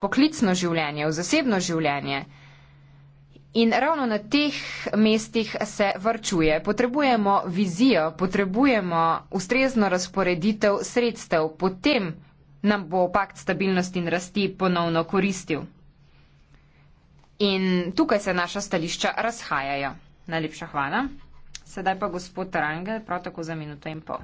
poklicno življenje, v zasebno življenje. In ravno na teh mestih se vrčuje. Potrebujemo vizijo, potrebujemo ustrezno razporeditev sredstev, potem nam bo pakt stabilnosti in rasti ponovno koristil. In tukaj se naša stališča razhajajo. Najlepša hvala. Sedaj pa gospod Rangel, prav tako za minuto in pol.